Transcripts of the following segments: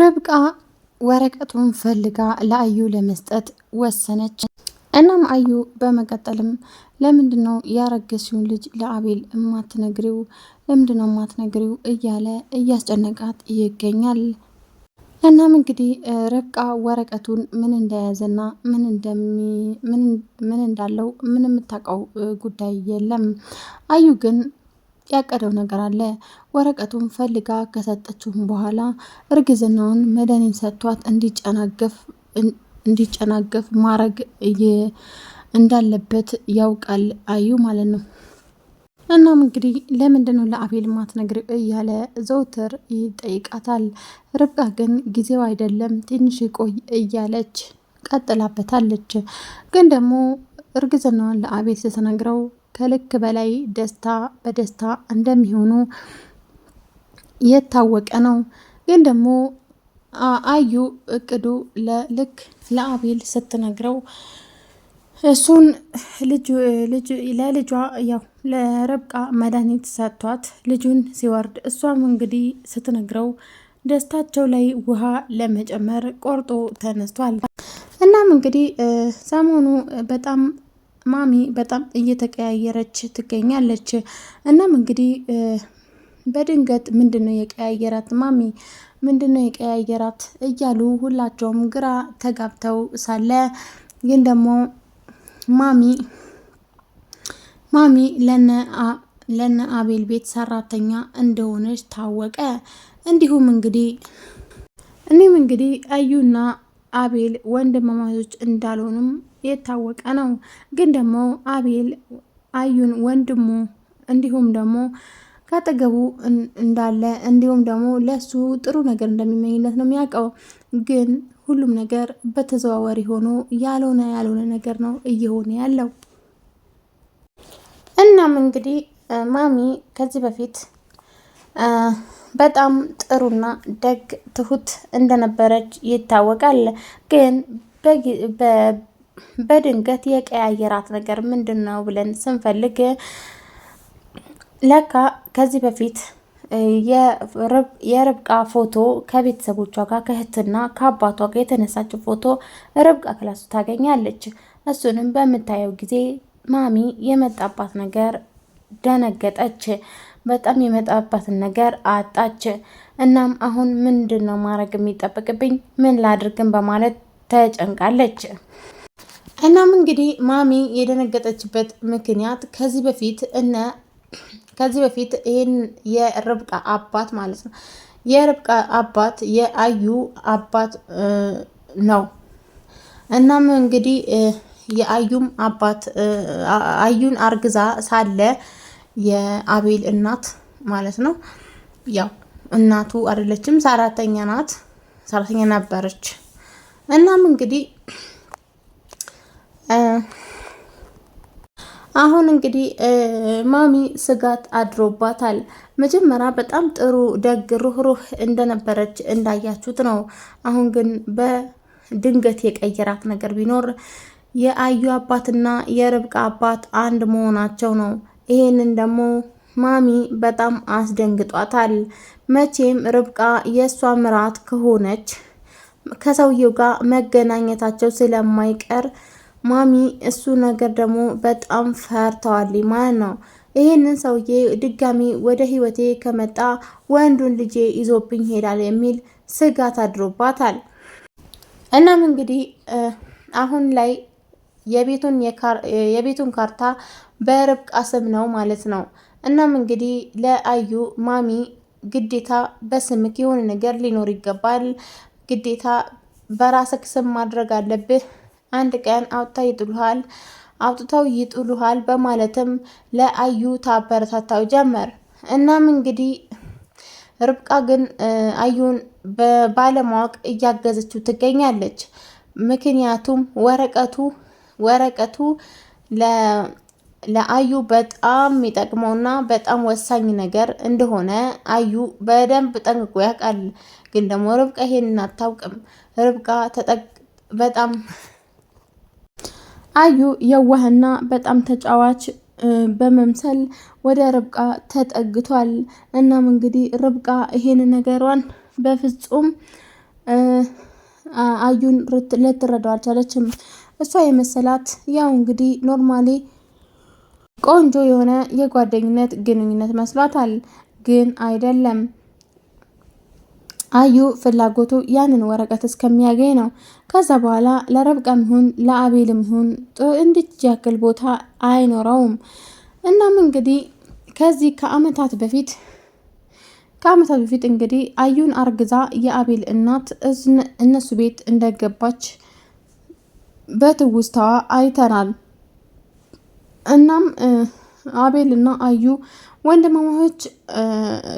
ርብቃ ወረቀቱን ፈልጋ ለአዩ ለመስጠት ወሰነች። እናም አዩ በመቀጠልም ለምንድን ነው ያረገዝሽውን ልጅ ለአቤል እማትነግሪው? ለምንድን ነው እማትነግሪው? እያለ እያስጨነቃት ይገኛል። እናም እንግዲህ ርብቃ ወረቀቱን ምን እንደያዘና ምን እንዳለው ምን የምታውቀው ጉዳይ የለም። አዩ ግን ያቀደው ነገር አለ። ወረቀቱን ፈልጋ ከሰጠችውም በኋላ እርግዝናውን መድኃኒት ሰጥቷት እንዲጨናገፍ እንዲጨናገፍ ማድረግ እንዳለበት ያውቃል አዩ ማለት ነው። እናም እንግዲህ ለምንድነው ለአቤል ነግር እያለ ዘውትር ይጠይቃታል። ርብቃ ግን ጊዜው አይደለም ትንሽ ቆይ እያለች ቀጥላበታለች። ግን ደግሞ እርግዝናዋን ለአቤል ስትነግረው ከልክ በላይ ደስታ በደስታ እንደሚሆኑ የታወቀ ነው። ግን ደግሞ አዩ እቅዱ ለልክ ለአቤል ስትነግረው እሱን ለልጇ ያው ለረብቃ መድኃኒት ሰጥቷት ልጁን ሲወርድ እሷም እንግዲህ ስትነግረው ደስታቸው ላይ ውሃ ለመጨመር ቆርጦ ተነስቷል። እናም እንግዲህ ሰሞኑ በጣም ማሚ በጣም እየተቀያየረች ትገኛለች። እናም እንግዲህ በድንገት ምንድን ነው የቀያየራት ማሚ ምንድን ነው የቀያየራት እያሉ ሁላቸውም ግራ ተጋብተው ሳለ ግን ደግሞ ማሚ ማሚ ለነ አቤል ቤት ሰራተኛ እንደሆነች ታወቀ። እንዲሁም እንግዲህ እኔም እንግዲህ አዩና አቤል ወንድማማቾች እንዳልሆኑም የታወቀ ነው። ግን ደግሞ አቤል አዩን ወንድሙ እንዲሁም ደግሞ ከአጠገቡ እንዳለ እንዲሁም ደግሞ ለሱ ጥሩ ነገር እንደሚመኝለት ነው የሚያውቀው። ግን ሁሉም ነገር በተዘዋወሪ ሆኖ ያልሆነ ያልሆነ ነገር ነው እየሆነ ያለው። እናም እንግዲህ ማሚ ከዚህ በፊት በጣም ጥሩና ደግ ትሁት እንደነበረች ይታወቃል። ግን በድንገት የቀያየራት ነገር ምንድን ነው ብለን ስንፈልግ ለካ ከዚህ በፊት የርብቃ ፎቶ ከቤተሰቦቿ ጋር ከእህትና ከአባቷ ጋር የተነሳችው ፎቶ ርብቃ ክላሱ ታገኛለች። እሱንም በምታየው ጊዜ ማሚ የመጣባት ነገር ደነገጠች። በጣም የመጣባትን ነገር አጣች። እናም አሁን ምንድን ነው ማድረግ የሚጠበቅብኝ ምን ላድርግን በማለት ተጨንቃለች። እናም እንግዲህ ማሚ የደነገጠችበት ምክንያት ከዚህ በፊት እነ ከዚህ በፊት ይህን የርብቃ አባት ማለት ነው የርብቃ አባት የአዩ አባት ነው። እናም እንግዲህ የአዩም አባት አዩን አርግዛ ሳለ የአቤል እናት ማለት ነው። ያው እናቱ አይደለችም፣ ሰራተኛ ናት፣ ሰራተኛ ነበረች። እናም እንግዲህ አሁን እንግዲህ ማሚ ስጋት አድሮባታል። መጀመሪያ በጣም ጥሩ ደግ ሩህሩህ እንደነበረች እንዳያችሁት ነው። አሁን ግን በድንገት የቀየራት ነገር ቢኖር የአዩ አባትና የርብቃ አባት አንድ መሆናቸው ነው። ይህንን ደግሞ ማሚ በጣም አስደንግጧታል። መቼም ርብቃ የእሷ ምራት ከሆነች ከሰውየው ጋር መገናኘታቸው ስለማይቀር ማሚ እሱ ነገር ደግሞ በጣም ፈርተዋል ማለት ነው። ይህንን ሰውዬ ድጋሚ ወደ ህይወቴ ከመጣ ወንዱን ልጄ ይዞብኝ ሄዳል የሚል ስጋት አድሮባታል። እናም እንግዲህ አሁን ላይ የቤቱን ካርታ በርብቃ ስም ነው ማለት ነው። እናም እንግዲህ ለአዩ ማሚ ግዴታ በስምክ የሆነ ነገር ሊኖር ይገባል፣ ግዴታ በራስክ ስም ማድረግ አለብህ፣ አንድ ቀን አውጥታ ይጥሉሃል፣ አውጥተው ይጥሉሃል በማለትም ለአዩ ታበረታታው ጀመር። እናም እንግዲህ ርብቃ ግን አዩን በባለማወቅ እያገዘችው ትገኛለች። ምክንያቱም ወረቀቱ ወረቀቱ ለአዩ በጣም የሚጠቅመውና በጣም ወሳኝ ነገር እንደሆነ አዩ በደንብ ጠንቅቆ ያውቃል። ግን ደግሞ ርብቃ ይሄንን አታውቅም። ርብቃ በጣም አዩ የዋህና በጣም ተጫዋች በመምሰል ወደ ርብቃ ተጠግቷል። እናም እንግዲህ ርብቃ ይሄን ነገሯን በፍጹም አዩን ልትረዳው አልቻለችም። እሷ የመሰላት ያው እንግዲህ ኖርማሊ ቆንጆ የሆነ የጓደኝነት ግንኙነት መስሏታል። ግን አይደለም። አዩ ፍላጎቱ ያንን ወረቀት እስከሚያገኝ ነው። ከዛ በኋላ ለረብቃም ይሁን ለአቤልም ይሁን እንድች ያክል ቦታ አይኖረውም። እናም እንግዲህ ከዚህ ከአመታት በፊት ከአመታት በፊት እንግዲህ አዩን አርግዛ የአቤል እናት እነሱ ቤት እንደገባች በትውስታ አይተናል። እናም አቤል እና አዩ ወንድማማዎች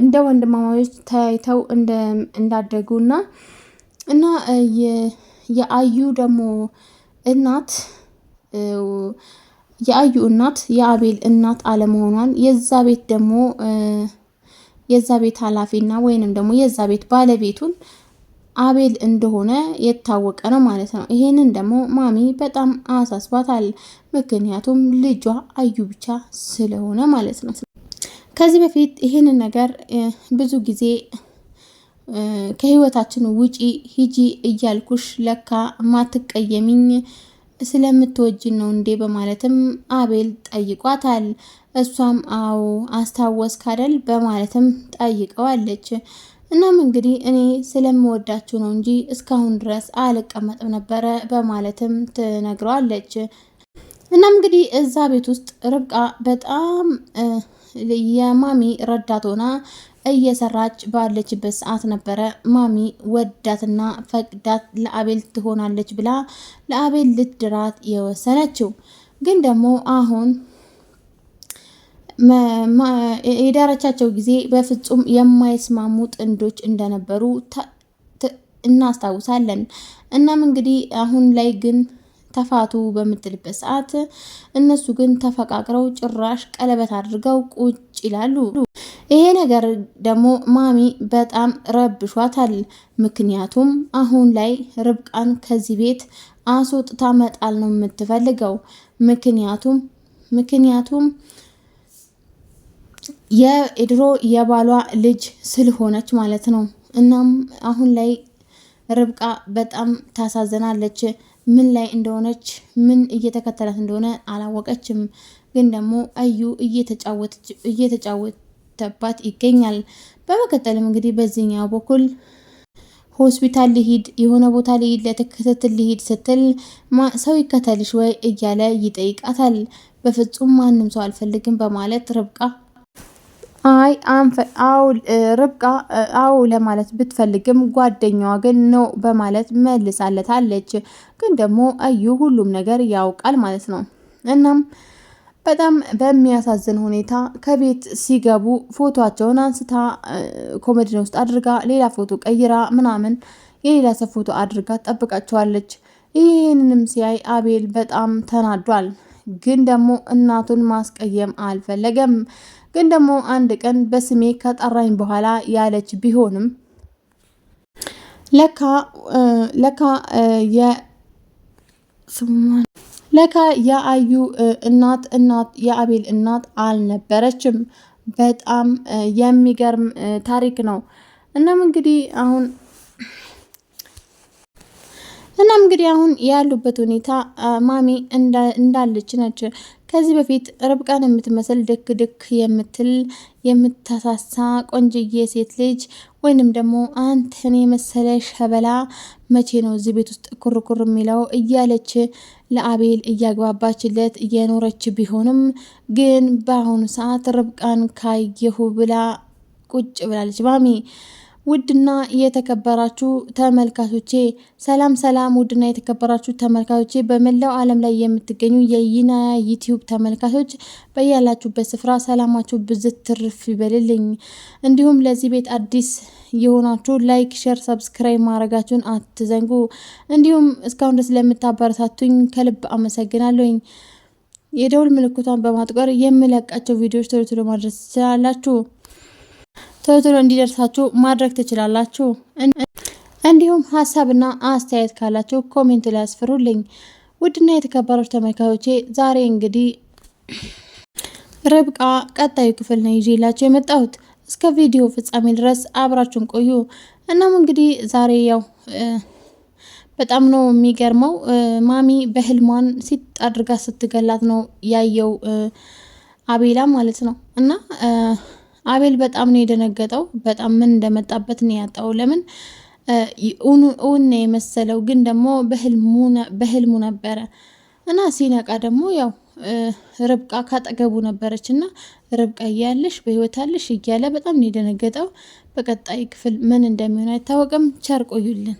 እንደ ወንድማማዎች ተያይተው እንዳደጉ እና እና የአዩ ደግሞ እናት የአዩ እናት የአቤል እናት አለመሆኗን የዛ ቤት ደግሞ የዛ ቤት ኃላፊና ወይንም ደግሞ የዛ ቤት ባለቤቱን አቤል እንደሆነ የታወቀ ነው ማለት ነው። ይሄንን ደግሞ ማሚ በጣም አሳስባታል። ምክንያቱም ልጇ አዩ ብቻ ስለሆነ ማለት ነው። ከዚህ በፊት ይሄንን ነገር ብዙ ጊዜ ከህይወታችን ውጪ ሂጂ እያልኩሽ ለካ ማትቀየሚኝ ስለምትወጅን ነው እንዴ በማለትም አቤል ጠይቋታል። እሷም አዎ አስታወስ ካደል በማለትም ጠይቀዋለች። እናም እንግዲህ እኔ ስለምወዳችሁ ነው እንጂ እስካሁን ድረስ አልቀመጥም ነበረ በማለትም ትነግረዋለች። እናም እንግዲህ እዛ ቤት ውስጥ ርብቃ በጣም የማሚ ረዳት ሆና እየሰራች ባለችበት ሰዓት ነበረ ማሚ ወዳትና ፈቅዳት ለአቤል ትሆናለች ብላ ለአቤል ልትድራት የወሰነችው ግን ደግሞ አሁን የዳረቻቸው ጊዜ በፍጹም የማይስማሙ ጥንዶች እንደነበሩ እናስታውሳለን። እናም እንግዲህ አሁን ላይ ግን ተፋቱ በምትልበት ሰዓት እነሱ ግን ተፈቃቅረው ጭራሽ ቀለበት አድርገው ቁጭ ይላሉ። ይሄ ነገር ደግሞ ማሚ በጣም ረብሿታል። ምክንያቱም አሁን ላይ ርብቃን ከዚህ ቤት አስወጥታ መጣል ነው የምትፈልገው። ምክንያቱም ምክንያቱም የድሮ የባሏ ልጅ ስለሆነች ማለት ነው። እናም አሁን ላይ ርብቃ በጣም ታሳዝናለች። ምን ላይ እንደሆነች ምን እየተከተላት እንደሆነ አላወቀችም። ግን ደግሞ አዩ እየተጫወተባት ይገኛል። በመቀጠልም እንግዲህ በዚህኛው በኩል ሆስፒታል ሊሂድ የሆነ ቦታ ሊሂድ ለክትትል ሊሂድ ስትል ሰው ይከተልሽ ወይ እያለ ይጠይቃታል። በፍጹም ማንም ሰው አልፈልግም በማለት ርብቃ አይ አንፈ አው ርብቃ አው ለማለት ብትፈልግም ጓደኛዋ ግን ነው በማለት መልሳለታለች። ግን ደግሞ እዩ ሁሉም ነገር ያውቃል ማለት ነው። እናም በጣም በሚያሳዝን ሁኔታ ከቤት ሲገቡ ፎቶቸውን አንስታ ኮሜዲን ውስጥ አድርጋ ሌላ ፎቶ ቀይራ ምናምን የሌላ ሰው ፎቶ አድርጋ ጠብቃቸዋለች። ይህንንም ሲያይ አቤል በጣም ተናዷል። ግን ደግሞ እናቱን ማስቀየም አልፈለገም። ግን ደግሞ አንድ ቀን በስሜ ከጠራኝ በኋላ ያለች ቢሆንም ለካ ለካ ለካ የአዩ እናት እናት የአቤል እናት አልነበረችም። በጣም የሚገርም ታሪክ ነው። እናም እንግዲህ አሁን እናም እንግዲህ አሁን ያሉበት ሁኔታ ማሚ እንዳለች ነች። ከዚህ በፊት ርብቃን የምትመስል ድክ ድክ የምትል የምታሳሳ ቆንጅዬ ሴት ልጅ ወይንም ደግሞ አንተን የመሰለ ሸበላ መቼ ነው እዚህ ቤት ውስጥ ኩርኩር የሚለው እያለች ለአቤል እያግባባችለት እየኖረች ቢሆንም ግን በአሁኑ ሰዓት ርብቃን ካየሁ ብላ ቁጭ ብላለች ማሚ ውድና የተከበራችሁ ተመልካቾቼ ሰላም ሰላም! ውድና የተከበራችሁ ተመልካቾቼ በመላው ዓለም ላይ የምትገኙ የይና ዩቲዩብ ተመልካቾች በያላችሁበት ስፍራ ሰላማችሁ ብዝት ትርፍ ይበልልኝ። እንዲሁም ለዚህ ቤት አዲስ የሆናችሁ ላይክ፣ ሼር፣ ሰብስክራይብ ማድረጋችሁን አትዘንጉ። እንዲሁም እስካሁን ድረስ ለምታበረታቱኝ ከልብ አመሰግናለሁኝ። የደውል ምልክቷን በማጥቆር የምለቃቸው ቪዲዮዎች ቶሎ ቶሎ ማድረስ ትችላላችሁ። ቶሎ ቶሎ እንዲደርሳችሁ ማድረግ ትችላላችሁ። እንዲሁም ሀሳብና አስተያየት ካላችሁ ኮሜንት ላይ አስፍሩልኝ ውድና የተከበራችሁ ተመልካዮቼ ዛሬ እንግዲህ ርብቃ ቀጣዩ ክፍል ነው ይዤላችሁ የመጣሁት። እስከ ቪዲዮ ፍጻሜ ድረስ አብራችሁን ቆዩ። እናም እንግዲህ ዛሬ ያው በጣም ነው የሚገርመው። ማሚ በህልሟን ሲጥ አድርጋ ስትገላት ነው ያየው አቤላ ማለት ነው እና አቤል በጣም ነው የደነገጠው። በጣም ምን እንደመጣበት ነው ያጣው። ለምን እውን የመሰለው፣ ግን ደግሞ በህልሙ ነበረ እና ሲነቃ ደግሞ ያው ርብቃ ካጠገቡ ነበረች እና ርብቃ እያለሽ በህይወት አለሽ እያለ በጣም ነው የደነገጠው። በቀጣይ ክፍል ምን እንደሚሆን አይታወቅም። ቸር ቆዩልን።